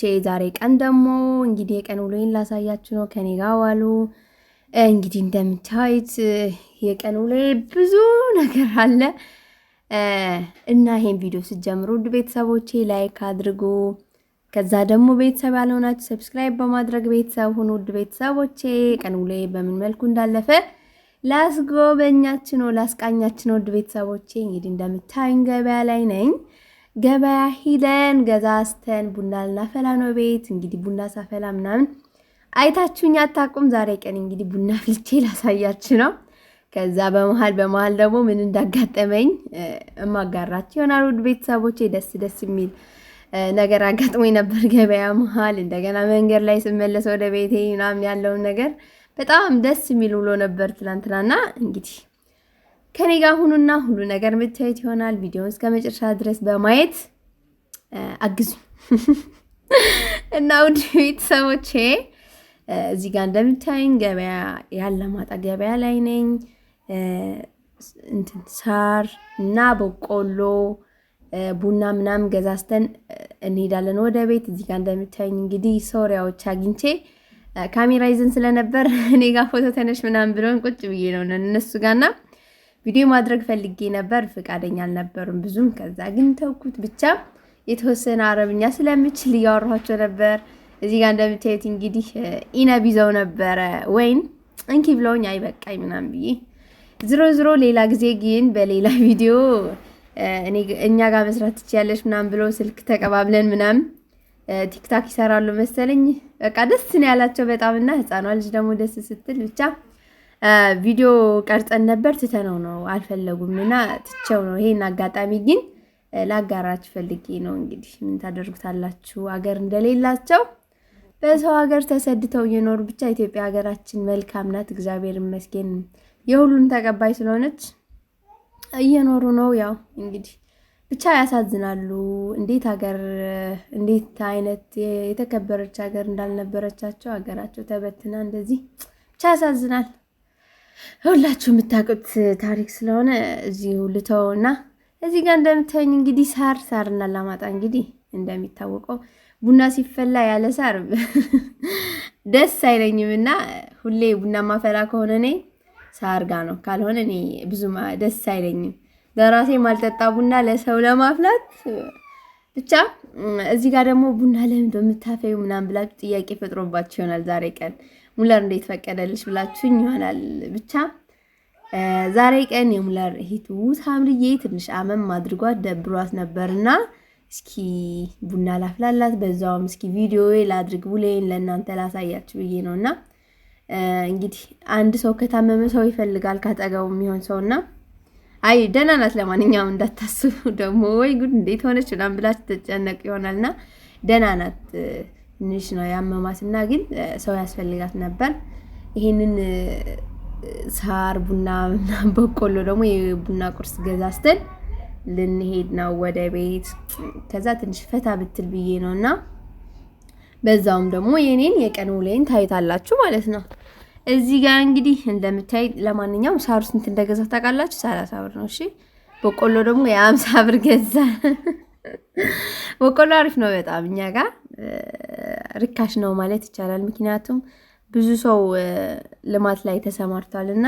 ቼ ዛሬ ቀን ደግሞ እንግዲህ የቀን ውሎዬን ላሳያችሁ ነው። ከኔ ጋር ዋሉ። እንግዲህ እንደምታዩት የቀን ውሎዬ ብዙ ነገር አለ እና ይሄን ቪዲዮ ስትጀምሩ ውድ ቤተሰቦቼ ላይክ አድርጉ። ከዛ ደግሞ ቤተሰብ ያልሆናችሁ ሰብስክራይብ በማድረግ ቤተሰብ ሁኑ። ውድ ቤተሰቦቼ ቀን ውሎዬ በምን መልኩ እንዳለፈ ላስጎበኛችሁ ነው ላስቃኛችሁ ነው። ውድ ቤተሰቦቼ እንግዲህ እንደምታዩኝ ገበያ ላይ ነኝ። ገበያ ሂደን ገዛዝተን ቡና ልናፈላ ነው ቤት። እንግዲህ ቡና ሳፈላ ምናምን አይታችሁኝ አታውቁም። ዛሬ ቀን እንግዲህ ቡና ፍልቼ ላሳያችሁ ነው። ከዛ በመሀል በመሀል ደግሞ ምን እንዳጋጠመኝ እማጋራችሁ ይሆናል። ውድ ቤተሰቦቼ ደስ ደስ የሚል ነገር አጋጥሞኝ ነበር ገበያ መሀል። እንደገና መንገድ ላይ ስመለስ ወደ ቤቴ ምናምን ያለውን ነገር በጣም ደስ የሚል ውሎ ነበር ትላንትናና እንግዲህ ከኔ ጋር ሁኑና ሁሉ ነገር የምታዩት ይሆናል። ቪዲዮውን እስከ መጨረሻ ድረስ በማየት አግዙ እና ውድ ቤተሰቦቼ እዚህ ጋር እንደምታዩኝ ገበያ ማጣ ገበያ ላይ ነኝ። እንትን ሳር እና በቆሎ ቡና ምናምን ገዛዝተን እንሄዳለን ወደ ቤት። እዚህ ጋር እንደምታዩኝ እንግዲህ ሶሪያዎች አግኝቼ ካሜራ ይዘን ስለነበር እኔ ጋር ፎቶ ተነሽ ምናምን ብለውን ቁጭ ብዬ ነው እነሱ ጋርና ቪዲዮ ማድረግ ፈልጌ ነበር፣ ፍቃደኛ አልነበሩም ብዙም። ከዛ ግን ተውኩት። ብቻ የተወሰነ አረብኛ ስለምችል እያወራኋቸው ነበር። እዚህ ጋር እንደምታዩት እንግዲህ ኢነብ ይዘው ነበረ ወይን እንኪ ብለውኝ አይበቃኝ ምናምን ብዬ ዝሮ ዝሮ ሌላ ጊዜ ግን በሌላ ቪዲዮ እኛ ጋር መስራት ትችያለሽ ምናምን ብሎ ስልክ ተቀባብለን ምናምን ቲክታክ ይሰራሉ መሰለኝ። በቃ ደስ ነው ያላቸው በጣም እና ህፃኗ ልጅ ደግሞ ደስ ስትል ብቻ ቪዲዮ ቀርጸን ነበር፣ ትተነው ነው አልፈለጉም እና ትቸው ነው። ይሄን አጋጣሚ ግን ላጋራችሁ ፈልጌ ነው። እንግዲህ ምን ታደርጉታላችሁ? አገር እንደሌላቸው በሰው ሀገር ተሰድተው እየኖሩ ብቻ ኢትዮጵያ ሀገራችን መልካም ናት፣ እግዚአብሔር ይመስገን የሁሉም ተቀባይ ስለሆነች እየኖሩ ነው። ያው እንግዲህ ብቻ ያሳዝናሉ። እንዴት ሀገር እንዴት አይነት የተከበረች ሀገር እንዳልነበረቻቸው ሀገራቸው ተበትና እንደዚህ ብቻ ያሳዝናል። ሁላችሁ የምታውቁት ታሪክ ስለሆነ እዚሁ እና እዚህ ጋር እንደምታዩኝ እንግዲህ ሳር ሳርና ላማጣ እንግዲህ እንደሚታወቀው ቡና ሲፈላ ያለ ሳር ደስ አይለኝም እና ሁሌ ቡና ማፈላ ከሆነ እኔ ሳር ጋ ነው፣ ካልሆነ እኔ ብዙ ደስ አይለኝም። ለራሴ ማልጠጣ ቡና ለሰው ለማፍላት ብቻ። እዚህ ጋር ደግሞ ቡና ለምን በምታፈዩ ምናምን ብላችሁ ጥያቄ ፈጥሮባችሁ ይሆናል ዛሬ ቀን ሙለር እንዴት ፈቀደልሽ ብላችሁኝ ይሆናል። ብቻ ዛሬ ቀን የሙለር ሂቱ ሳምርዬ ትንሽ አመም አድርጓት ደብሯት ነበርና እስኪ ቡና ላፍላላት፣ በዛውም እስኪ ቪዲዮ ላድርግ ቡሌን ለእናንተ ላሳያችሁ ብዬ ነውና እንግዲህ አንድ ሰው ከታመመ ሰው ይፈልጋል ካጠገቡ የሚሆን ሰውና አይ ደህና ናት። ለማንኛውም እንዳታስቡ ደግሞ ወይ ጉድ እንዴት ሆነች ምናምን ብላችሁ ተጨነቅ ይሆናልና ደህና ናት። ትንሽ ነው ያመማት እና ግን ሰው ያስፈልጋት ነበር። ይሄንን ሳር ቡና በቆሎ ደግሞ የቡና ቁርስ ገዛስተን ልንሄድ ነው ወደ ቤት። ከዛ ትንሽ ፈታ ብትል ብዬ ነው እና በዛውም ደግሞ የኔን የቀን ውሎዬን ታይታላችሁ ማለት ነው። እዚህ ጋር እንግዲህ እንደምታይ ለማንኛውም ሳሩ ስንት እንደገዛ ታውቃላችሁ? ሰላሳ ብር ነው። እሺ በቆሎ ደግሞ የአምሳ ብር ገዛ። በቆሎ አሪፍ ነው በጣም እኛ ጋር ርካሽ ነው ማለት ይቻላል። ምክንያቱም ብዙ ሰው ልማት ላይ ተሰማርቷል እና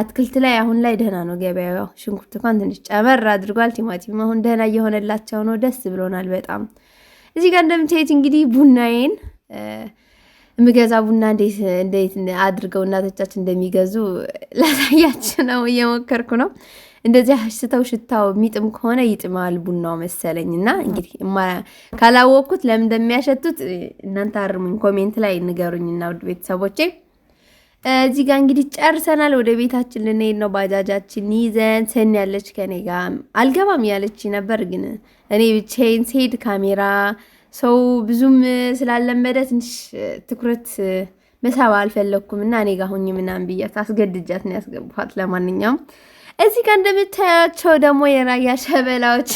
አትክልት ላይ አሁን ላይ ደህና ነው ገበያው። ሽንኩርት እንኳን ትንሽ ጨመር አድርጓል። ቲማቲም አሁን ደህና እየሆነላቸው ነው። ደስ ብሎናል በጣም። እዚህ ጋር እንደምታየት እንግዲህ ቡናዬን የምገዛ ቡና እንዴት አድርገው እናቶቻችን እንደሚገዙ ላሳያችሁ ነው፣ እየሞከርኩ ነው። እንደዚህ አሽተው ሽታው የሚጥም ከሆነ ይጥማል ቡናው መሰለኝ። እና እንግዲህ ካላወቅኩት ለምን እንደሚያሸቱት እናንተ አርሙኝ፣ ኮሜንት ላይ ንገሩኝ። እና ውድ ቤተሰቦቼ እዚህ ጋር እንግዲህ ጨርሰናል። ወደ ቤታችን ልንሄድ ነው። ባጃጃችን ይዘን ሰን ያለች ከኔ ጋር አልገባም ያለች ነበር፣ ግን እኔ ብቻዬን ስሄድ ካሜራ ሰው ብዙም ስላለመደ ትንሽ ትኩረት መሳብ አልፈለግኩም እና እኔ ጋር ሁኝ ምናምን ብያት አስገድጃት ነው ያስገቡት። ለማንኛውም እዚህ ጋር እንደምታያቸው ደግሞ የራያ ሸበላዎች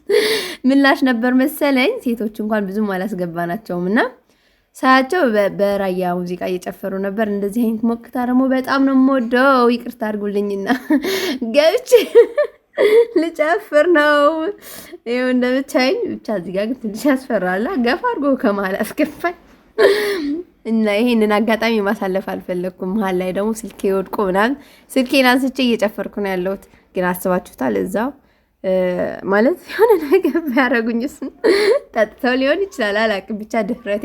ምላሽ ነበር መሰለኝ። ሴቶች እንኳን ብዙም አላስገባናቸውም እና ሳያቸው በራያ ሙዚቃ እየጨፈሩ ነበር። እንደዚህ አይነት ሞቅታ ደግሞ በጣም ነው የምወደው። ይቅርታ አድርጉልኝና ገብቼ ልጨፍር ነው ይኸው እንደምታይኝ። ብቻ እዚህ ጋር ግን ትንሽ ያስፈራላ። ገፋ አድርጎ ከመሀል አስገፋኝ። እና ይሄንን አጋጣሚ ማሳለፍ አልፈለግኩም። መሀል ላይ ደግሞ ስልኬ ወድቆ ምናምን ስልኬን አንስቼ እየጨፈርኩ ነው ያለሁት። ግን አስባችሁታል? እዛው ማለት የሆነ ነገር ቢያደርጉኝስ ጠጥተው ሊሆን ይችላል አላውቅም። ብቻ ድፍረቴ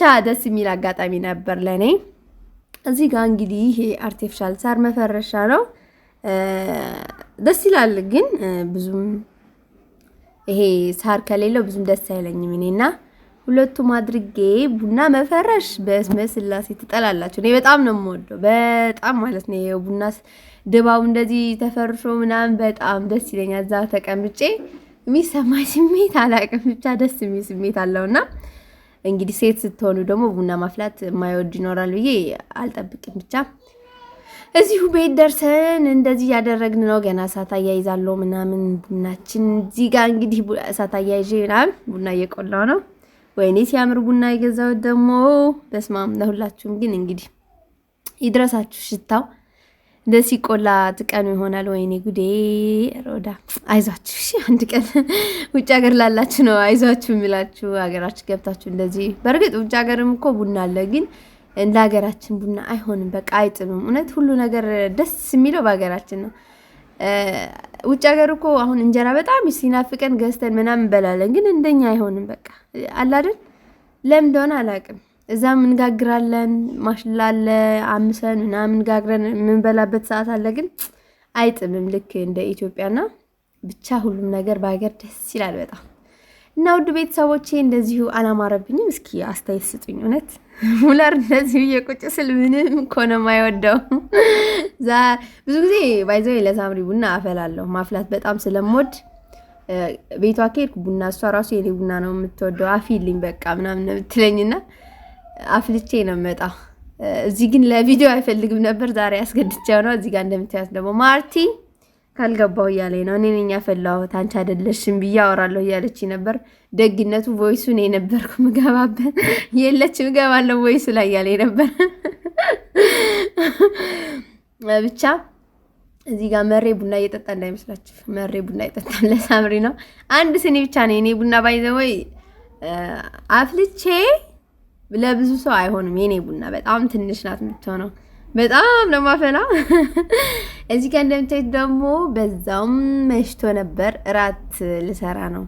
ቻ ደስ የሚል አጋጣሚ ነበር ለእኔ። እዚህ ጋር እንግዲህ ይሄ አርቲፊሻል ሳር መፈረሻ ነው። ደስ ይላል፣ ግን ብዙም ይሄ ሳር ከሌለው ብዙም ደስ አይለኝም እኔና ሁለቱም አድርጌ ቡና መፈረሽ በስመ ስላሴ ትጠላላችሁ። እኔ በጣም ነው የምወደው፣ በጣም ማለት ነው። ቡና ድባቡ እንደዚህ ተፈርሾ ምናምን በጣም ደስ ይለኛል። እዛ ተቀምጬ የሚሰማኝ ስሜት አላቅም፣ ብቻ ደስ የሚል ስሜት አለውና እንግዲህ ሴት ስትሆኑ ደግሞ ቡና ማፍላት የማይወድ ይኖራል ብዬ አልጠብቅም። ብቻ እዚሁ ቤት ደርሰን እንደዚህ እያደረግን ነው። ገና እሳት አያይዛለሁ ምናምን ቡናችን እዚህ ጋር እንግዲህ እሳት አያይዤ ምናምን ቡና እየቆላው ነው ወይኔ ሲያምር ቡና የገዛሁት ደግሞ በስማም። ለሁላችሁም ግን እንግዲህ ይድረሳችሁ ሽታው ለሲቆላ ትቀኑ ይሆናል። ወይኔ ጉዴ ሮዳ አይዟችሁ። እሺ አንድ ቀን ውጭ ሀገር ላላችሁ ነው አይዟችሁ የሚላችሁ ሀገራችሁ ገብታችሁ እንደዚህ። በእርግጥ ውጭ ሀገርም እኮ ቡና አለ፣ ግን እንደ ሀገራችን ቡና አይሆንም። በቃ አይጥምም። እውነት ሁሉ ነገር ደስ የሚለው በሀገራችን ነው። ውጭ ሀገር እኮ አሁን እንጀራ በጣም ሲናፍቀን ገዝተን ምናምን እንበላለን፣ ግን እንደኛ አይሆንም። በቃ አላደን ለምን እንደሆነ አላውቅም። እዛም እንጋግራለን፣ ማሽላ አለ አምሰን ምናምን ጋግረን የምንበላበት ሰዓት አለ፣ ግን አይጥምም ልክ እንደ ኢትዮጵያና ብቻ ሁሉም ነገር በሀገር ደስ ይላል በጣም እና ውድ ቤተሰቦቼ እንደዚሁ አላማረብኝም። እስኪ አስተያየት ስጡኝ። እውነት ሙለር እንደዚሁ የቁጭ ስል ምንም እኮ ነው የማይወደው። ብዙ ጊዜ ባይዘው ለሳምሪ ቡና አፈላለሁ ማፍላት በጣም ስለምወድ ቤቷ ከሄድኩ ቡና እሷ ራሱ የኔ ቡና ነው የምትወደው። አፊልኝ በቃ ምናምን የምትለኝና አፍልቼ ነው መጣ። እዚህ ግን ለቪዲዮ አይፈልግም ነበር ዛሬ አስገድቻ ነው። እዚህ ጋር እንደምታያት ደግሞ ማርቲ ካልገባው እያለኝ ነው። እኔ ነኝ ያፈላሁት አንቺ አይደለሽም ብዬ አወራለሁ እያለች ነበር። ደግነቱ ቮይሱ እኔ ነበርኩ ምገባበት የለች ምገባለሁ ቮይሱ ላይ እያለኝ ነበር። ብቻ እዚህ ጋር መሬ ቡና እየጠጣ እንዳይመስላችሁ፣ መሬ ቡና እየጠጣ ለሳምሪ ነው። አንድ ስኒ ብቻ ነው የኔ ቡና። ባይዘወይ አፍልቼ ለብዙ ሰው አይሆንም የኔ ቡና፣ በጣም ትንሽ ናት የምትሆነው። በጣም ነው እዚህ ጋር እንደምታዩት ደግሞ በዛውም መሽቶ ነበር፣ እራት ልሰራ ነው።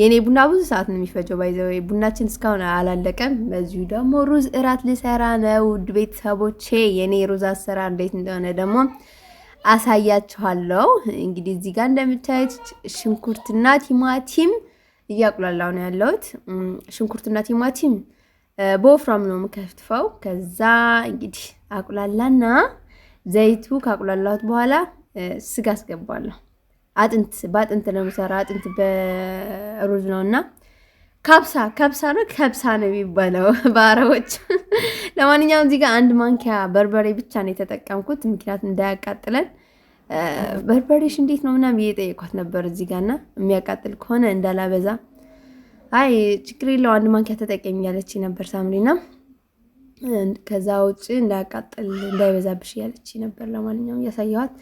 የእኔ ቡና ብዙ ሰዓት ነው የሚፈጀው። ባይዘው ቡናችን እስካሁን አላለቀም። በዚሁ ደግሞ ሩዝ እራት ልሰራ ነው። ውድ ቤተሰቦቼ የእኔ ሩዝ አሰራር እንዴት እንደሆነ ደግሞ አሳያችኋለሁ። እንግዲህ እዚህ ጋር እንደምታዩት ሽንኩርትና ቲማቲም እያቁላላሁ ነው ያለሁት። ሽንኩርትና ቲማቲም በወፍራም ነው የምከትፈው። ከዛ እንግዲህ አቁላላና ዘይቱ ካቁላላሁት በኋላ ስጋ አስገባለሁ። አጥንት በአጥንት ነው የምሰራ። አጥንት በሩዝ ነው እና ካብሳ ከብሳ ነው ከብሳ ነው የሚባለው በአረቦች። ለማንኛውም እዚህ ጋር አንድ ማንኪያ በርበሬ ብቻ ነው የተጠቀምኩት፣ ምክንያት እንዳያቃጥለን። በርበሬሽ እንዴት ነው ምናምን እየጠየኳት ነበር እዚህ ጋር እና የሚያቃጥል ከሆነ እንዳላበዛ አይ ችግር የለው አንድ ማንኪያ ተጠቀሚ ያለች ነበር ሳምሪና ከዛ ውጭ እንዳያቃጥል እንዳይበዛብሽ እያለች ነበር። ለማንኛውም እያሳየኋት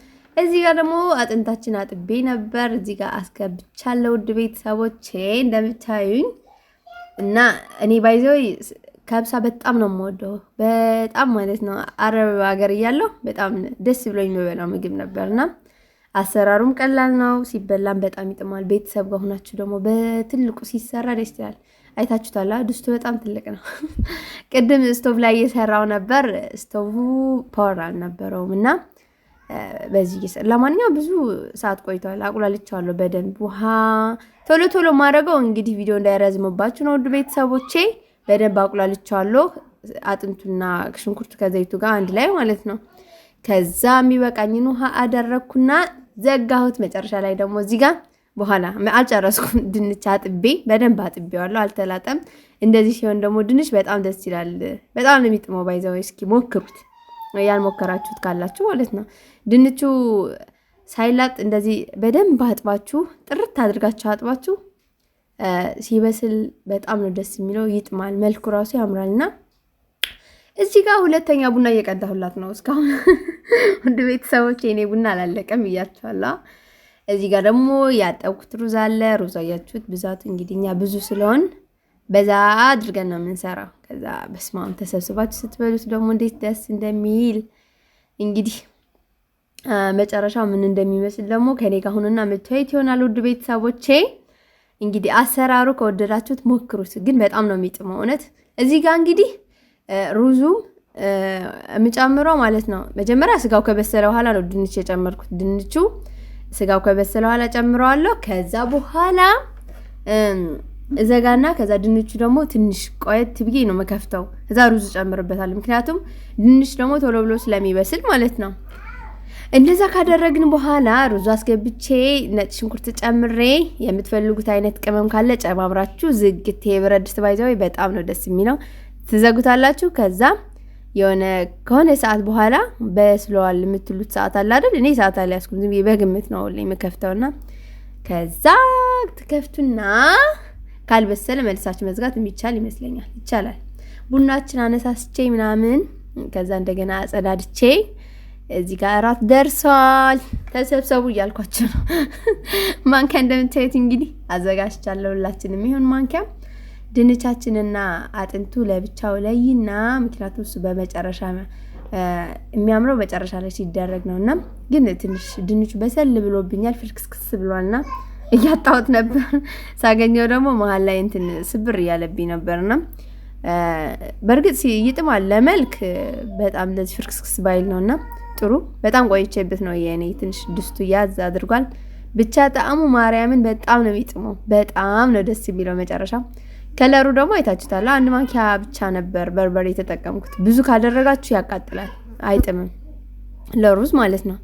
እዚህ ጋር ደግሞ አጥንታችን አጥቤ ነበር። እዚህ ጋር አስገብቻለሁ። ውድ ቤተሰቦቼ እንደምታዩኝ እና እኔ ባይዘው ከብሳ በጣም ነው የምወደው፣ በጣም ማለት ነው። አረብ ሀገር እያለሁ በጣም ደስ ብሎ የሚበላው ምግብ ነበርና አሰራሩም ቀላል ነው፣ ሲበላም በጣም ይጥማል። ቤተሰብ ጋር ሆናችሁ ደግሞ በትልቁ ሲሰራ ደስ ይላል። አይታችሁታላ። ድስቱ በጣም ትልቅ ነው። ቅድም ስቶቭ ላይ እየሰራው ነበር። ስቶቭ ፓወር አልነበረውም እና በዚህ እየሰራ ለማንኛውም ብዙ ሰዓት ቆይቷል። አቁላልቼዋለሁ በደንብ ውሃ ቶሎ ቶሎ ማድረገው እንግዲህ ቪዲዮ እንዳይረዝምባችሁ ነው ውድ ቤተሰቦቼ። በደንብ አቁላልቼዋለሁ አጥንቱና ሽንኩርቱ ከዘይቱ ጋር አንድ ላይ ማለት ነው። ከዛ የሚበቃኝን ውሃ አደረግኩና ዘጋሁት። መጨረሻ ላይ ደግሞ እዚህ ጋር በኋላ አልጨረስኩም። ድንች አጥቤ በደንብ አጥቤዋለሁ፣ አልተላጠም። እንደዚህ ሲሆን ደግሞ ድንች በጣም ደስ ይላል። በጣም ነው የሚጥመው። ባይዘው እስኪ ሞክሩት፣ ያልሞከራችሁት ካላችሁ ማለት ነው። ድንቹ ሳይላጥ እንደዚህ በደንብ አጥባችሁ፣ ጥርት አድርጋችሁ አጥባችሁ ሲበስል በጣም ነው ደስ የሚለው። ይጥማል፣ መልኩ ራሱ ያምራል እና እዚህ ጋር ሁለተኛ ቡና እየቀዳሁላት ነው። እስካሁን ውድ ቤተሰቦች የኔ ቡና አላለቀም ብያችኋለሁ። እዚህ ጋር ደግሞ ያጠብኩት ሩዝ አለ። ሩዝ አያችሁት ብዛቱ እንግዲህ እኛ ብዙ ስለሆን በዛ አድርገን ነው የምንሰራው። ከዛ በስማም ተሰብስባችሁ ስትበሉት ደግሞ እንዴት ደስ እንደሚል እንግዲህ መጨረሻው ምን እንደሚመስል ደግሞ ከኔ ጋር ሁኑና መታየት ይሆናል። ውድ ቤተሰቦቼ እንግዲህ አሰራሩ ከወደዳችሁት ሞክሩት፣ ግን በጣም ነው የሚጥመው እውነት። እዚህ ጋር እንግዲህ ሩዙም የምጨምረው ማለት ነው መጀመሪያ ስጋው ከበሰለ በኋላ ነው ድንች የጨመርኩት ድንቹ ስጋው ከበሰለ በኋላ ጨምረዋለሁ። ከዛ በኋላ እዘጋና ከዛ ድንቹ ደግሞ ትንሽ ቆየት ብዬ ነው መከፍተው። እዛ ሩዝ ጨምርበታል፣ ምክንያቱም ድንች ደግሞ ቶሎ ብሎ ስለሚበስል ማለት ነው። እንደዛ ካደረግን በኋላ ሩዝ አስገብቼ ነጭ ሽንኩርት ጨምሬ የምትፈልጉት አይነት ቅመም ካለ ጨማምራችሁ ዝግት የብረት ድስት ባይዘው በጣም ነው ደስ የሚለው። ትዘጉታላችሁ ከዛ የሆነ ከሆነ ሰዓት በኋላ በስለዋል የምትሉት ሰዓት አለ አይደል? እኔ ሰዓት አልያዝኩም፣ ዝም ብዬ በግምት ነው የምከፍተውና ከዛ ትከፍቱና ካልበሰለ መልሳችሁ መዝጋት የሚቻል ይመስለኛል። ይቻላል። ቡናችን አነሳስቼ ምናምን ከዛ እንደገና አጸዳድቼ እዚህ ጋር እራት ደርሷል። ተሰብሰቡ እያልኳቸው ነው። ማንኪያ እንደምታዩት እንግዲህ አዘጋጅቻለሁ። ሁላችንም ይሁን ማንኪያ ድንቻችንና አጥንቱ ለብቻው ለይና፣ ምክንያቱም እሱ በመጨረሻ የሚያምረው መጨረሻ ላይ ሲደረግ ነው እና ግን ትንሽ ድንቹ በሰል ብሎብኛል፣ ፍርክስክስ ብሏልና እያጣሁት ነበር። ሳገኘው ደግሞ መሀል ላይ እንትን ስብር እያለብኝ ነበርና በእርግጥ ይጥማል ለመልክ በጣም እንደዚህ ፍርክስክስ ባይል ነው እና ጥሩ በጣም ቆይቼበት ነው የእኔ ትንሽ ድስቱ ያዝ አድርጓል። ብቻ ጣዕሙ ማርያምን በጣም ነው የሚጥመው። በጣም ነው ደስ የሚለው መጨረሻ ከለሩ ደግሞ አይታችሁታል። አንድ ማንኪያ ብቻ ነበር በርበሬ የተጠቀምኩት። ብዙ ካደረጋችሁ ያቃጥላል፣ አይጥምም። ለሩዝ ማለት ነው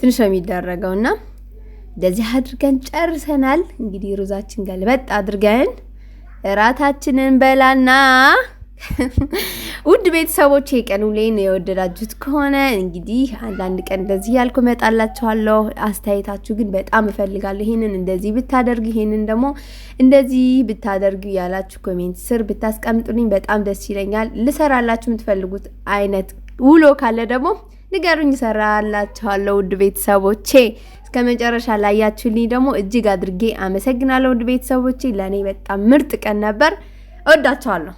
ትንሽ ነው የሚደረገው እና እንደዚህ አድርገን ጨርሰናል። እንግዲህ ሩዛችን ገልበጥ አድርገን እራታችንን በላና ውድ ቤተሰቦች የቀን ውሌን የወደዳችሁት ከሆነ እንግዲህ አንዳንድ ቀን እንደዚህ ያልኩ እመጣላችኋለሁ። አስተያየታችሁ ግን በጣም እፈልጋለሁ። ይህንን እንደዚህ ብታደርግ፣ ይህንን ደግሞ እንደዚህ ብታደርግ ያላችሁ ኮሜንት ስር ብታስቀምጡልኝ በጣም ደስ ይለኛል። ልሰራላችሁ የምትፈልጉት አይነት ውሎ ካለ ደግሞ ንገሩኝ፣ ይሰራላችኋለሁ። ውድ ቤተሰቦቼ እስከ መጨረሻ ላያችሁልኝ ደግሞ እጅግ አድርጌ አመሰግናለሁ። ውድ ቤተሰቦቼ ለእኔ በጣም ምርጥ ቀን ነበር። እወዳችኋለሁ።